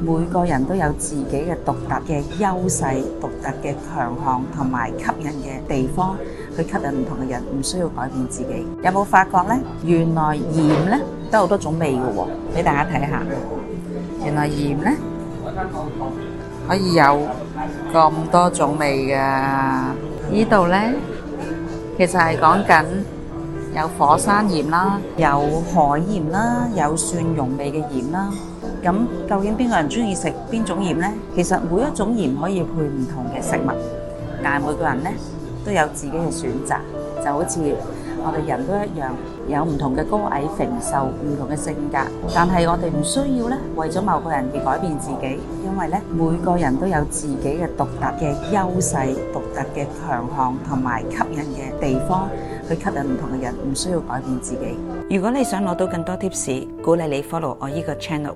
每個人都有自己嘅獨特嘅優勢、獨特嘅強項同埋吸引嘅地方，去吸引唔同嘅人，唔需要改變自己。有冇發覺呢？原來鹽呢都有多種味嘅，畀大家睇下。原來鹽呢可以有咁多種味㗎。呢度呢其實係講緊有火山鹽啦，有海鹽啦，有蒜蓉味嘅鹽啦。咁究竟邊個人中意食邊種鹽呢？其實每一種鹽可以配唔同嘅食物，但係每個人咧都有自己嘅選擇，就好似我哋人都一樣，有唔同嘅高矮肥瘦，唔同嘅性格。但係我哋唔需要咧，為咗某個人而改變自己，因為咧每個人都有自己嘅獨特嘅優勢、獨特嘅強項同埋吸引嘅地方，去吸引唔同嘅人，唔需要改變自己。如果你想攞到更多 tips，鼓勵你 follow 我呢個 channel。